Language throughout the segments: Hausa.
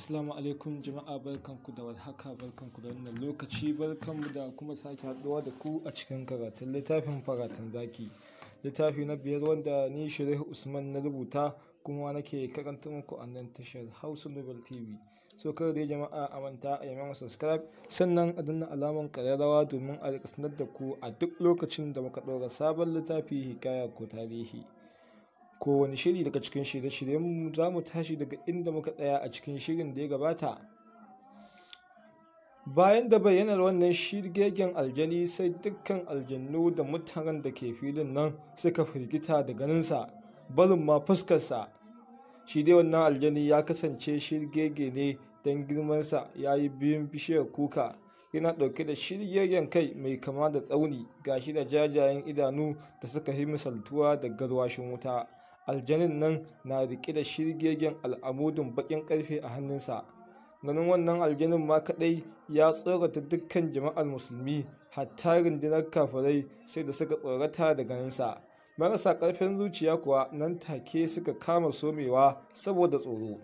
Assalamu alaikum jama'a barkanku da warhaka barkanku da wannan lokaci mu da kuma sake haɗuwa da ku a cikin karatun littafin faratun zaki littafi na biyar wanda ni Shirih Usman na rubuta kuma nake karanta muku a nan tashar Hausa Nobel TV so kar dai jama'a a manta a yamma subscribe sannan a danna alamar kararrawa domin a rika sanar da ku a duk lokacin da muka ɗora sabon littafi hikaya ko tarihi kowane shiri daga cikin shirye-shiryenmu za mu tashi daga inda muka tsaya a cikin shirin da ya gabata bayan da bayyanar wannan shirgegen aljani sai dukkan aljannu da mutanen da ke filin nan suka firgita da ganinsa barin ma fuskarsa shi dai wannan aljani ya kasance shirgege ne don girmansa ya yi biyun bishiyar kuka yana ɗauke da shirgegen kai mai kama da tsauni gashi da jajayen idanu da suka yi misaltuwa da garwashin wuta aljanin nan na riƙe da shirgegen al'amudin baƙin ƙarfe a hannunsa ganin wannan aljanin ma kaɗai ya tsorata dukkan jama'ar musulmi hatta rundunar kafirai sai da suka tsorata da ganinsa marasa ƙarfin zuciya kuwa nan take suka kama somewa saboda tsoro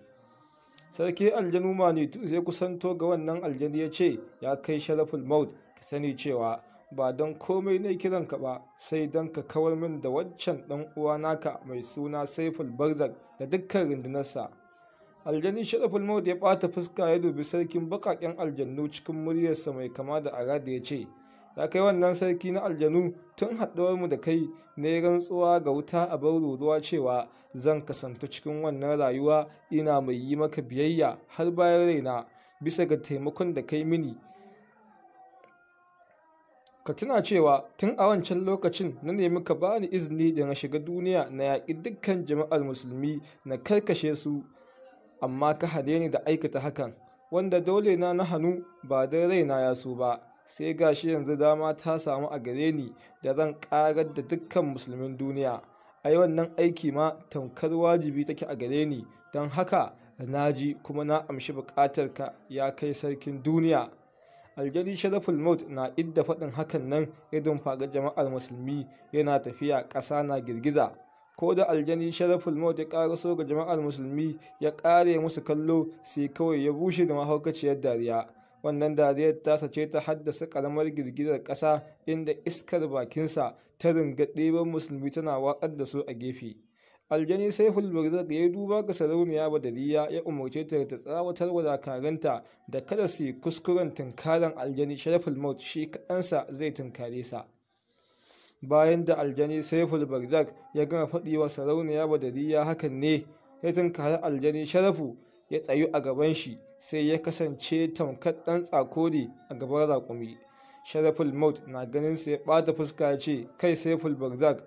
sarki aljanu manitu sai kusanto ga wannan aljani ya ce ya kai sharaful maut ka sani cewa ba don komai ne kiranka ba sai don ka kawar min da waccan ɗan uwa naka mai suna saiful barzak da dukkan rundunarsa aljani sharaful maud ya bata fuska ya dubi sarkin baƙaƙen aljannu cikin muryarsa mai kama da arada ya ce ya kai wannan sarki na aljanu tun haɗuwarmu da kai ne rantsuwa ga wuta a ruwa cewa zan kasantu cikin wannan rayuwa ina mai yi maka biyayya har bayan raina bisa ga taimakon da kai mini ka tuna cewa tun a wancan lokacin na nemi ka bani izini da na shiga duniya na yaƙi dukkan jama'ar musulmi na karkashe su amma ka hade ni da aikata hakan wanda dole na na hannu ba don raina ya so ba sai ga shi yanzu dama ta samu a gare ni da zan ƙarar da dukkan musulmin duniya ai wannan aiki ma tamkar wajibi take a gare ni don haka na ji kuma na amshi ka ya kai sarkin duniya aljari sharaful mot na idda faɗin hakan nan idan faga jama'ar musulmi yana tafiya ƙasa na girgiza ko da aljani sharaful maut ya so ga jama'ar musulmi ya ƙare musu kallo sai kawai ya bushe da mahaukaciyar dariya wannan dariyar ta sace ta haddasa karamar girgizar ƙasa inda iskar bakinsa ta ringa ɗeban musulmi tana watsar da su a gefe aljani sai hulbarzak ya yi duba ga sarauniya badaliya ya umarce ta ta tsawatar wa dakaranta da kada su yi kuskuren tunkaran aljani sharaful maut shi kaɗansa zai tunkare sa bayan da aljani sai hulbarzak ya gama faɗi wa sarauniya badaliya hakan ne ya tunkari aljani sharafu ya tsayu a gaban shi sai ya kasance tamkar ɗan tsakori a gaban raƙumi sharaful maut na ganin sai ya bata fuska ce kai sai fulbarzak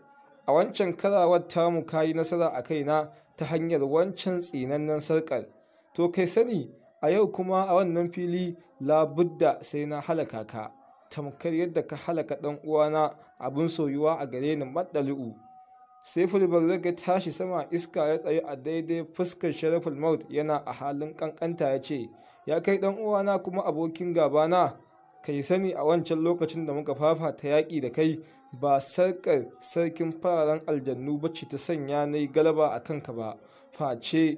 a wancan karawar tamu ka yi nasara a kaina ta hanyar wancan tsinannen sarƙar to kai sani a yau kuma a wannan fili labudda sai na halaka ka tamkar yadda ka halaka ɗan uwana abin soyuwa a gare ni maɗali'u sai fulbar zaga tashi sama iska ya tsaye a daidai fuskar sharaful maut yana a halin ƙanƙanta ya ce ya kai ɗan uwana kuma abokin gabana kai sani a wancan lokacin da muka fafata yaƙi da kai ba sarƙar sarkin fararen aljannu ba ce ta sanya na yi galaba a kanka ba face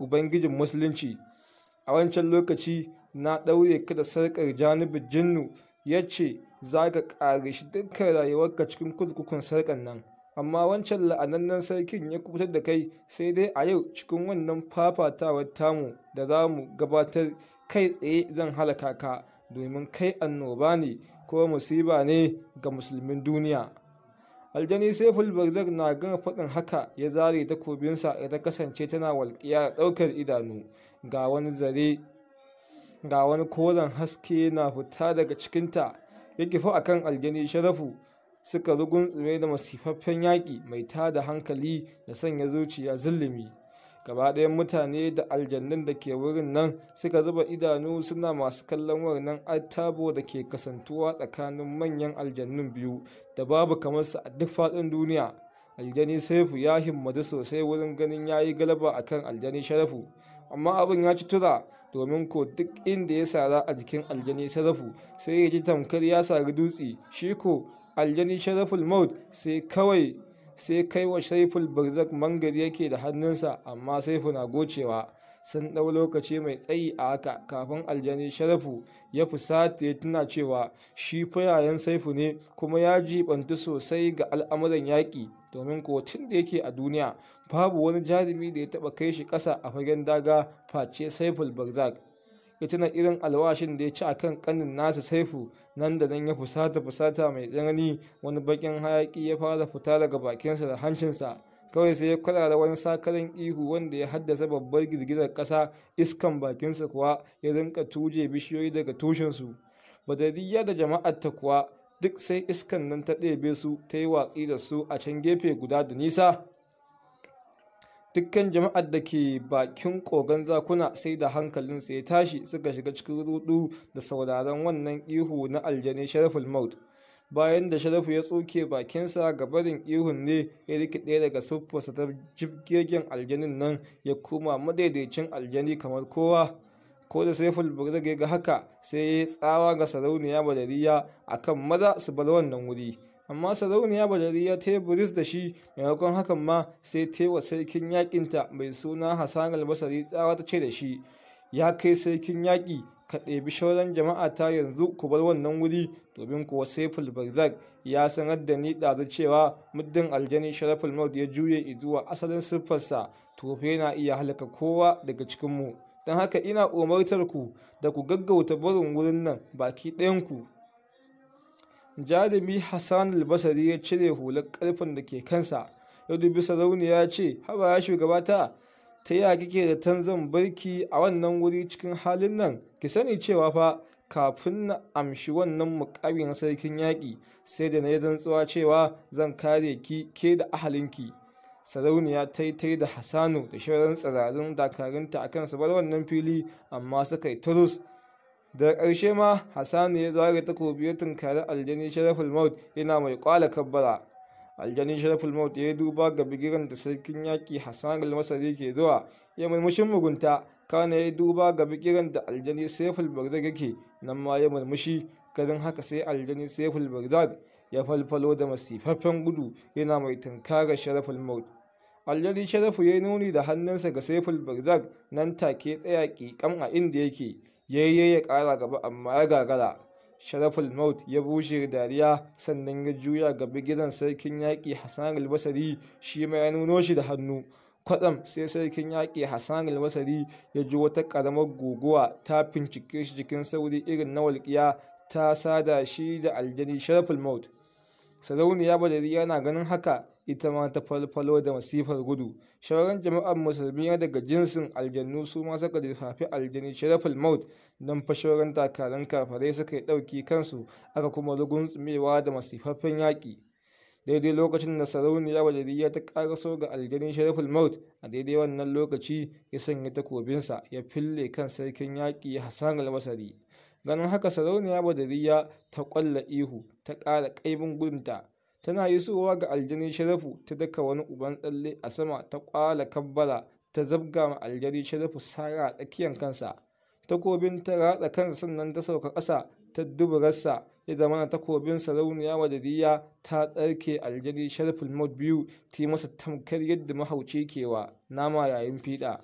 ubangijin musulunci a wancan lokaci na ɗaure ka da sarƙar janibin jinnu ya ce za ka ƙare shi dukkan rayuwarka cikin kurkukun sarƙar nan amma wancan la'anannen sarkin ya kubutar da kai sai dai a yau cikin wannan fafatawar tamu da za mu gabatar kai tsaye zan halaka ka domin kai annoba ne ko musiba ne ga musulmin duniya aljani saiful barzak na gama faɗin haka ya zare takobinsa ya ta kasance tana walƙiya ɗaukar idanu ga wani zare ga wani koren haske na fita daga cikinta ya kifi a kan aljani sharafu suka rugun tsire da masifaffen yaƙi mai tada hankali da sanya zuciya zulumi gaba ɗayan mutane da aljannun da ke wurin nan suka zuba idanu suna masu kallon wannan attabo da ke kasantuwa tsakanin manyan aljannun biyu da babu kamar su a duk faɗin duniya aljani saifu ya himmatu sosai wurin ganin ya yi galaba akan aljani sharafu amma abin ya ci tura domin ko duk inda ya sara a jikin aljani sharafu sai ya ji tamkar ya sari dutse shi ko aljani sharaful maut sai kawai sai kai wa saiful barzak mangar yake da hannunsa amma saifu na gocewa sun ɗau lokaci mai tsayi a haka kafin aljani sharafu ya fusata ya tuna cewa shi fayayen saifu ne kuma ya jibantu sosai ga al'amuran yaƙi domin kotun da yake a duniya babu wani jarumi da ya taɓa kai shi ƙasa a fagen daga face saiful barzak ya irin alwashin da ya ci akan kanin nasa saifu nan da nan ya fusata fusata mai tsanani wani bakin hayaki ya fara fita daga bakinsa da hancinsa kawai sai ya kwarara wani sakaran ihu wanda ya haddasa babbar girgizar ƙasa iskan bakinsa kuwa ya rinka tuje bishiyoyi daga tushensu badariya da jama'ar ta kuwa duk sai iskan nan ta ɗebe su ta yi watsi da su a can gefe guda da nisa dukkan jama'ar da ke bakin kogon zakuna sai da su ya tashi suka shiga cikin rudu da sauraron wannan ihu na aljani sharaful maut bayan da sharafu ya tsoke bakinsa ga barin ihun ne ya rikide daga siffarsa ta jirgin aljanin nan ya koma madaidaicin aljani kamar kowa ko da sai burga ga haka sai ya tsawa ga sarauniya badariya akan maza su bar wannan wuri amma sarauniya bajari ya teburis buris da shi maimakon hakan ma sai ta wa sarkin yakinta mai suna hassan albasari tsawa ta ce da shi ya kai sarkin yaƙi ka ɗebi shauran jama'a ta yanzu ku bar wannan wuri domin kuwa saiful barzak ya sanar da ni ɗazu cewa muddin aljani sharaful maud ya juye iduwa asalin siffarsa tofe na iya halaka kowa daga cikinmu don haka ina umartar ku da ku gaggauta barin wurin nan baki ɗayan ku. jarumi hassan albasari ya cire hular karfin da ke kansa yadda bisa sarauniya ya ce haba ya shugabata ta ya kike da tan zan barki a wannan wuri cikin halin nan ki sani cewa fa kafin na amshi wannan mukamin sarkin yaƙi sai da na yi rantsuwa cewa zan kare ki ke da ahalinki sarauniya ta yi ta da hassanu da shirin tsirarin dakarunta a su bar wannan fili amma suka yi turus da ƙarshe ma hassan ya zara takobi ya tunkari aljani sharaful maut yana mai kwala kabbara aljani sharaful maut ya duba ga bigiran da sarkin yaki hassan al-masari ke zuwa ya murmushin mugunta kana ya duba ga bigiran da aljani saiful barzag yake nan ma ya murmushi garin haka sai aljani saiful barzag ya falfalo da masifaffen gudu yana mai tunkara sharaful maut aljani sharafu ya nuni da hannunsa ga saiful barzag nan take tsaya kikam a inda yake yayye ya kara gaba amma ya gagara sharaful maut ya bushe dariya sannan ya juya ga bigiran sarkin yaƙi hassan albasari shi ma ya nuno shi da hannu kwatsam sai sarkin yaƙi hassan albasari ya ji wata ƙaramar guguwa ta fincike shi cikin sauri irin na walƙiya ta sada shi da aljani sharaful maut sarauniya badari yana ganin haka ita ma ta falfalo da masifar gudu shauran jama'ar musulmi daga jinsin aljannu su ma suka lissafi aljani sharaful maut don fashoran takarar kafarai suka yi ɗauki kansu aka kuma rugunsumewa da masifaffen yaƙi daidai lokacin da sarauniya wajeriya ta karaso ga aljanin shariful maut a daidai wannan lokaci ya sanya takobinsa ya fille kan sarkin yaƙi hassan al-masari ganin haka sarauniya wajeriya ta ƙwalla ihu ta ƙara ƙaibin gudunta tana isowa ga aljani sharafu ta daka wani uban tsalle a sama ta kwala kabbala ta zabga ma aljani sharafu sara a tsakiyar kansa takobin ta ratsa kansa sannan ta sauka ƙasa ta duburarsa ya zama takobin sarauniya wadadiya ta tsarke aljani sharafin mod biyu ta yi masa tamkar yadda mahauci kewa nama yayin fiɗa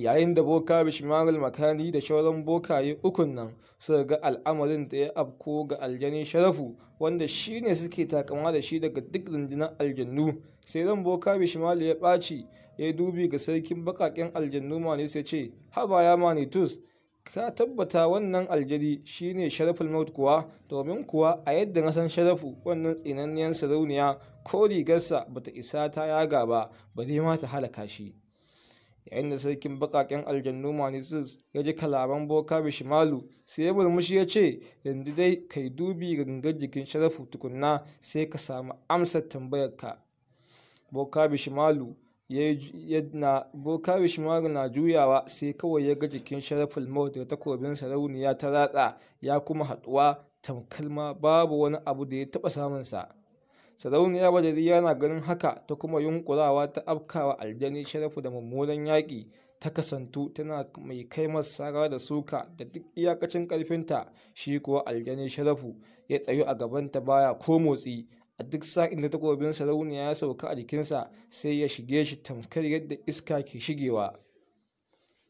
yayin da boka bishmagal makani da shauran bokaye ukun nan suka ga al'amarin da ya afko ga aljani sharafu wanda shi ne suke takama da shi daga duk rundunar aljannu sai ran boka bishmal ya ɓaci ya dubi ga sarkin baƙaƙen aljannu manis sai ce haba ya manitus ka tabbata wannan shi shine sharafin maut kuwa domin kuwa a yadda na san sharafu wannan tsinanniyar sarauniya ko rigarsa bata isa ta yaga ba ba ma ta halaka shi yayin da sarkin bakaken aljannu manisus ya ji kalaman boka bishimalu sai ya murmushi ya ce yanzu dai kai dubi ga gangar jikin sharafu tukunna sai ka samu amsar tambayarka boka bishimalu boka bishimalu na juyawa sai kawai ya ga jikin sharafu maut da takobin sarauniya ta ratsa ya kuma haɗuwa tamkalma babu wani abu da ya taɓa samunsa sarauniya badariya na ganin haka ta kuma yunkurawa ta afkawa aljani sharafu da mummunan yaƙi ta kasantu tana mai kai masara da suka da duk iyakacin karfinta shi kuwa aljani sharafu ya tsayu a gabanta baya ko motsi a duk sa'in da takobin sarauniya ya sauka a jikinsa sai ya shige shi tamkar yadda iska ke shigewa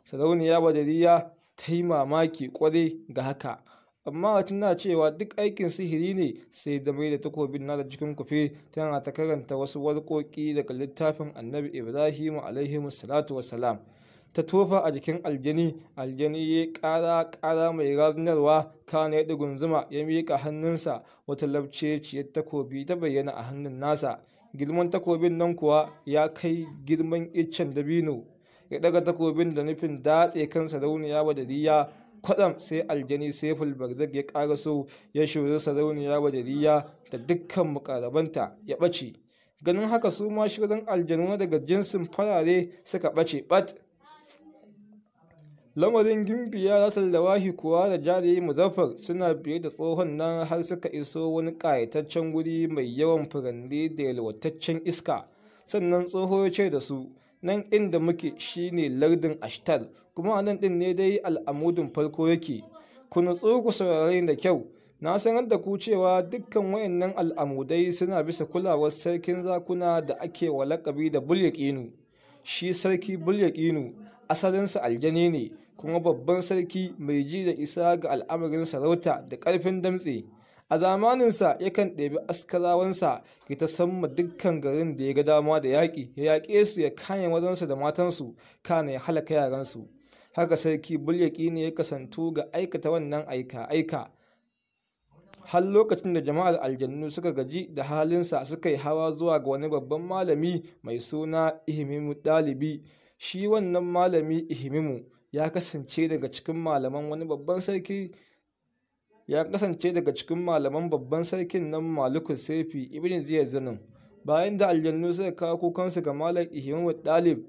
sarauniya badariya ta yi mamaki kwarai ga haka amma a tana cewa duk aikin sihiri ne sai da mai da takobin na da cikin kufe tana ta karanta wasu warkoki daga littafin annabi ibrahim alaihimu salatu wasalam ta tofa a jikin aljani aljani ya ƙara ƙara mai razinarwa kana ya zuma ya miƙa hannunsa wata labceciyar takobi ta bayyana a hannun nasa girman takobin nan kuwa ya kai girman iccen dabino ya ɗaga takobin da nufin datse kansa rauniya badariya kwatsam sai aljani saiful barzak ya kara so ya shori sarauniya wa jariya da dukkan mukarabanta ya bace ganin haka su ma shirin aljanu daga jinsin farare suka bace bat. lamarin gimbiya ratar lawahi kuwa da jari muzaffar suna biye da tsohon nan har suka iso wani ƙayataccen guri mai yawan furanni da yalwataccen iska sannan tsoho ya ce da su nan inda muke shine lardin ashtar kuma a nan ɗin ne dai al'amudin farko yake ku nutsu ku saurare da kyau na sanar da ku cewa dukkan wayannan al'amudai suna bisa kulawar sarkin zakuna da ake wa lakabi da bulyakinu shi sarki bulyakinu asalinsa aljani ne kuma babban sarki mai ji da isa ga al'amarin sarauta da ƙarfin damtse a zamaninsa yakan ɗebi askarawansa ya ta samma dukkan garin da ya ga dama da yaƙi ya yaƙe su ya kayan wajensu da matansu kana ya halaka yaransu haka sarki bulyaki ne ya kasantu ga aikata wannan aika aika har lokacin da jama'ar aljannu suka gaji da halinsa suka yi hawa zuwa ga wani babban malami mai suna ihimimu dalibi shi wannan malami ihimimu ya kasance daga cikin malaman wani babban sarki ya kasance daga cikin malaman babban sarkin nan Maliku Sefi Ibn Ziyad bayan da aljannu suka kawo kukansu ga Malam ihimu Dalib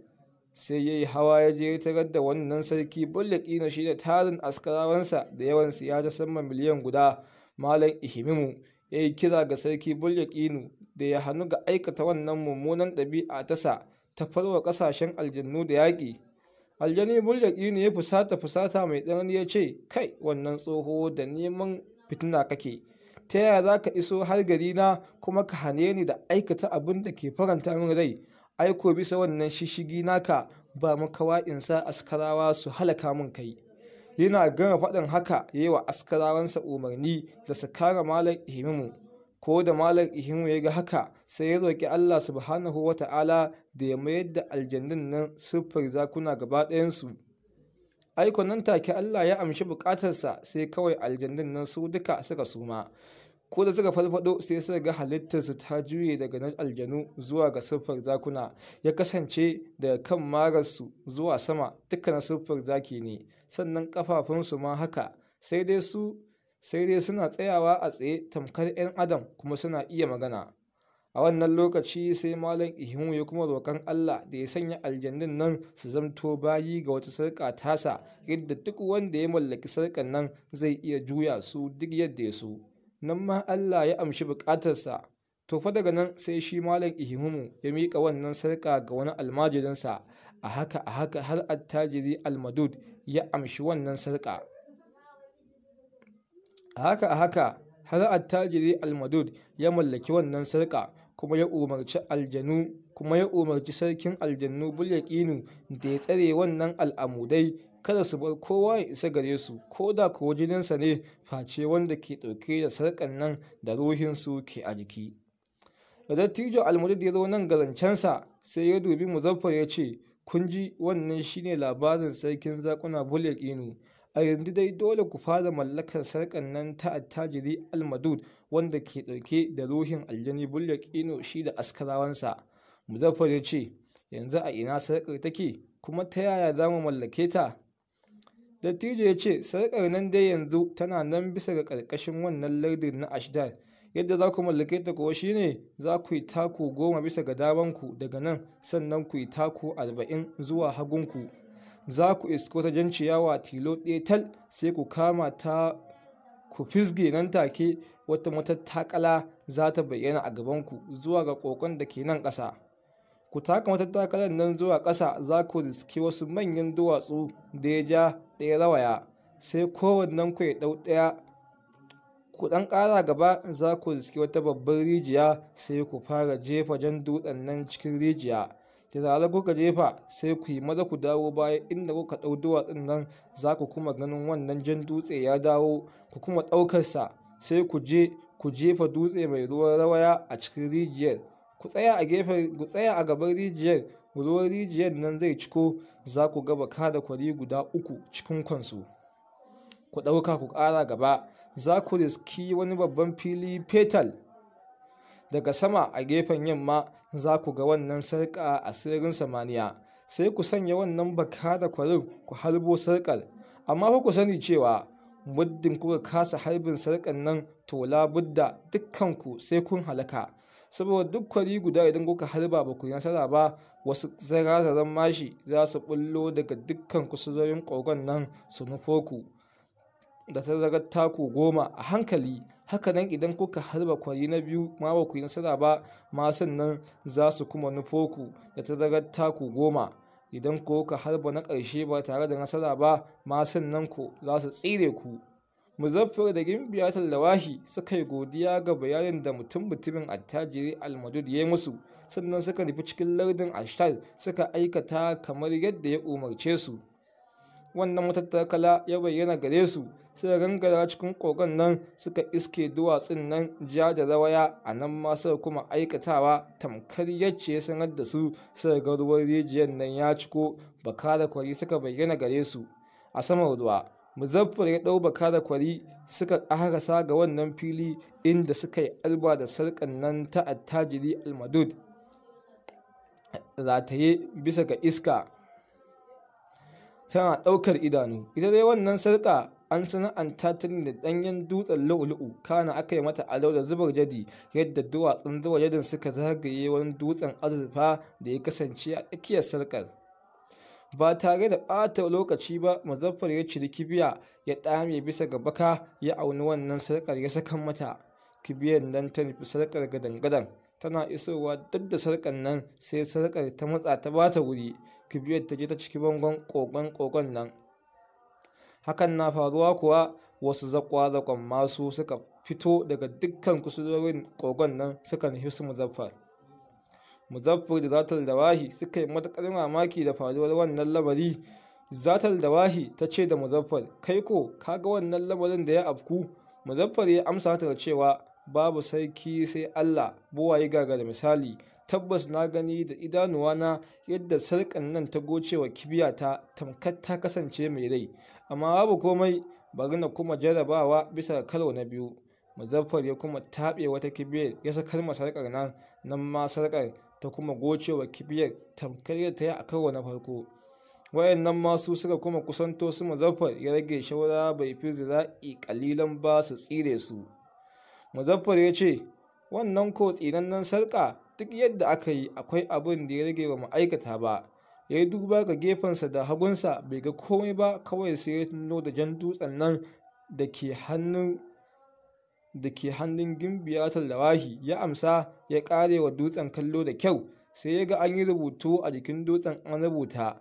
sai ya yi hawa ya je tarar da wannan sarki bullaki ƙina shi da tarin askarawansa da yawan ya ta sama miliyan guda Malam Ihimimu ya yi kira ga sarki ƙinu da ya hannu ga aikata wannan mummunan ɗabi'a ta sa ta farwa ƙasashen aljannu da yaƙi aljani bulyaki ne ya fusata fusata mai tsanani ya ce kai wannan tsoho da neman fitina kake ta yaya za ka iso har gari na kuma ka hane ni da aikata abin da ke faranta min rai aiko bisa wannan shishigi naka ba makawa in sa askarawa su halaka min kai yana gama faɗin haka yi wa askarawansa umarni da su kare malam ihimmu ko da malam ihimu ya ga haka sai ya roƙi Allah subhanahu wa ta'ala da ya mayar da aljannun nan siffar zakuna gaba ɗayansu aiko nan take Allah ya amshi buƙatarsa sai kawai aljannun nan su duka suka suma ko da suka farfado sai suka ga halittarsu ta juye daga nan aljanu zuwa ga siffar zakuna ya kasance daga kan mararsu zuwa sama na siffar zaki ne sannan kafafunsu ma haka sai dai su sai dai suna tsayawa a tsaye tamkar 'yan adam kuma suna iya magana a wannan lokaci sai malam ihimu ya kuma roƙon Allah da ya sanya aljannun nan su zamto bayi ga wata sarƙa tasa yadda duk wanda ya mallaki sarƙan nan zai iya juya su duk yadda ya so nan ma Allah ya amshi buƙatarsa to fa daga nan sai shi malam ihimu ya miƙa wannan sarƙa ga wani almajirinsa a haka a haka har attajiri almadud ya amshi wannan sarƙa a haka a haka har attajiri almadud ya mallaki wannan sarƙa kuma ya umarci aljanu kuma ya umarci sarkin aljannu bulyakinu da ya tsare wannan al'amudai kada su bar kowa ya isa gare su ko da kuwa jininsa ne face wanda ke ɗauke da sarƙan nan da ruhinsu ke a jiki da dattijo almudud ya zo nan garancensa sai ya dubi muzaffar ya ce kun ji wannan shine labarin sarkin zakuna bulyakinu a yanzu dai dole ku fara mallakar sarƙar nan ta attajiri almadud wanda ke ɗauke da ruhin aljani bulla kino shi da askarawansa muzaffar ya ce yanzu a ina sarƙar take kuma ta yaya za mu mallake ta dattijo ya ce sarƙar nan dai yanzu tana nan bisa ga ƙarƙashin wannan lardin na ashdar yadda za ku mallake ta kuwa shine za ku yi taku goma bisa ga damanku daga nan sannan ku yi taku arba'in zuwa hagunku za ku isko ta jan ciyawa tilo ɗaya tal sai ku kama ta ku fisge nan take wata matattakala za ta bayyana a gaban ku zuwa ga kokon da ke nan ƙasa ku taka matattakalar nan zuwa ƙasa za ku riske wasu manyan duwatsu da ya ja ɗaya rawaya sai kowannen ku ya ɗau ɗaya ku ɗan ƙara gaba za ku riske wata babbar rijiya sai ku fara jefa jan dutsen nan cikin rijiya da zarar kuka jefa sai ku yi maza ku dawo baya inda kuka ɗau duwatsun nan za ku kuma ganin wannan jan dutse ya dawo ku kuma ɗaukarsa sai ku je ku jefa dutse mai ruwan rawaya a cikin rijiyar ku tsaya a gefen ku tsaya a gaban rijiyar ruwan rijiyar nan zai ciko za ku ga baka da kwari guda uku cikin kwansu ku ɗauka ku ƙara gaba za ku riski wani babban fili fetal daga sama a gefen yamma za ku ga wannan sarƙa a sirrin samaniya sai ku sanya wannan baka da kwarin ku harbo sarƙar amma fa ku sani cewa muddin kuka kasa harbin sarƙar nan to labudda dukkanku sai kun halaka saboda duk kwari guda idan kuka harba ba ku nasara ba wasu zarazaran mashi za su bullo daga dukkan kusurorin ƙogon nan su nufo ku da ta tazarar taku goma a hankali hakanan idan kuka harba kwari na biyu ma ba ku yi nasara ba ma sannan za su kuma nufo ku da ta tazarar taku goma idan ko ka harba na ƙarshe ba tare da nasara ba ma sannan ku za su tsire ku muzaffar da gimbiya ta suka yi godiya ga bayanin da mutum mutumin attajiri almadud ya yi musu sannan suka nufi cikin lardin ashtar suka aikata kamar yadda ya umarce su wannan matattakala ya bayyana gare su suka gangara cikin kogon nan suka iske duwatsun nan ja da rawaya a nan ma kuma aikatawa tamkar yacce ya sanar da su sai ga ruwan rijiyar nan ya ciko baka da kwari suka bayyana gare su a saman ruwa muzaffar ya ɗau baka da kwari suka ƙarasa ga wannan fili inda suka yi alba da sarƙan nan ta attajiri almadud rataye bisa ga iska tana ɗaukar idanu ita dai wannan sarƙa an sana'anta ta ne da ɗanyen dutsen lu'ulu'u kana aka yi mata alau da zubar jadi yadda duwatsun zubar jadin suka zagaye wani dutsen azurfa da ya kasance a tsakiyar sarƙar ba tare da ɓata lokaci ba mazafar ya ciri kibiya ya ɗame bisa ga baka ya auni wannan sarkar ya saka mata kibiyar nan ta nufi sarkar gadan-gadan tana isowa duk da sarƙar nan sai sarƙar ta matsa ta ba ta wuri kibiyar ta je ta ciki bangon ƙoƙon ƙoƙon nan hakan na faruwa kuwa wasu zakwa zakon masu suka fito daga dukkan kusurorin ƙogon nan suka nufi su muzaffar muzaffar da zatar da wahi suka yi matuƙar mamaki da faruwar wannan lamari zatar da wahi ta ce da muzaffar kai ko kaga wannan lamarin da ya afku muzaffar ya amsa ta cewa babu sarki sai Allah buwaye gaga da misali tabbas na gani da idanuwa na yadda sarkan nan ta goce gocewa kibiyata tamkar ta kasance mai rai amma babu komai bari na kuma jarabawa bisa karo na biyu muzaffar ya kuma taɓe wata kibiyar ya sakar ma nan nan ma sarƙar ta kuma goce wa kibiyar tamkar ya ta yi a karo na farko wayannan masu suka kuma kusanto su muzaffar ya rage shaura bai fi zira'i kalilan ba su tsire su muzaffar ya ce wannan ko tsinannen sarka duk yadda aka yi akwai abin da ya rage ba ma'aikata ba ya yi duba ga gefensa da hagunsa bai ga komai ba kawai sai ya tuno da jan dutsen nan da ke hannun gimbiya ta lawahi ya amsa ya kare wa dutsen kallo da kyau sai ya ga an yi rubutu a jikin dutsen an rubuta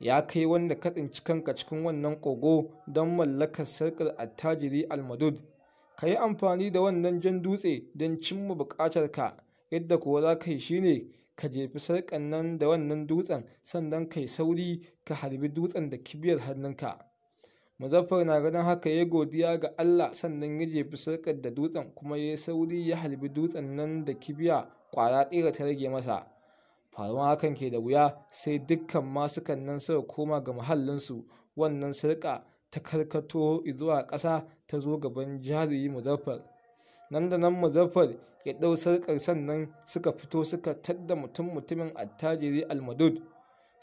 ya kai wanda katsin cikanka cikin wannan kogo don mallakar sarkar attajiri almadud ka yi amfani da wannan jan dutse don cimma buƙatarka yadda kuwa za ka yi shi ne ka jefi sarƙan nan da wannan dutsen sannan ka yi sauri ka harbi dutsen da kibiyar hannunka muzaffar na ganin haka ya godiya ga allah sannan ya jefi sarƙar da dutsen kuma ya sauri ya halbi dutsen nan da kibiya ƙwara ɗera ta rage masa faruwan hakan ke da wuya sai dukkan masukan nan suka koma ga muhallinsu wannan sarƙa ta karkato zuwa ƙasa ta zo gaban jari muzaffar nan da nan muzaffar ya ɗau sarƙar sannan suka fito suka tadda mutum mutumin attajiri almadud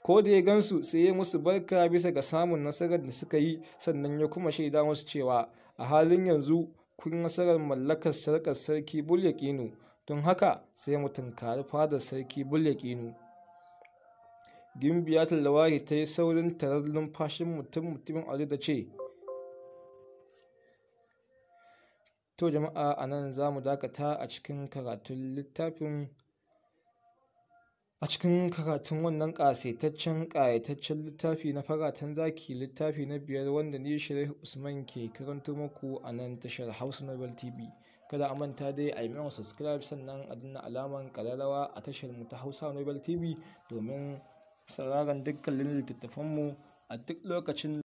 ko da ya gansu sai ya musu barka bisa ga samun nasarar da suka yi sannan ya kuma shaida musu cewa a halin yanzu kun nasarar mallakar sarƙar sarki bulyakinu don haka sai mu tinkari fadar sarki bulyakinu gimbiya lawari ta yi saurin tarar numfashin mutum mutumin ali da ce to jama'a a nan za mu dakata a cikin karatun littafin a cikin karatun wannan ƙasaitaccen ƙayataccen littafi na faratan zaki littafi na biyar wanda ne shirai usman ke karanto muku a nan tashar hausa nobel tv kada a manta dai a yi mewa subscribe sannan a danna alaman kararrawa a tashar mu ta hausa nobel tv domin sauraron dukkanin littattafanmu a duk lokacin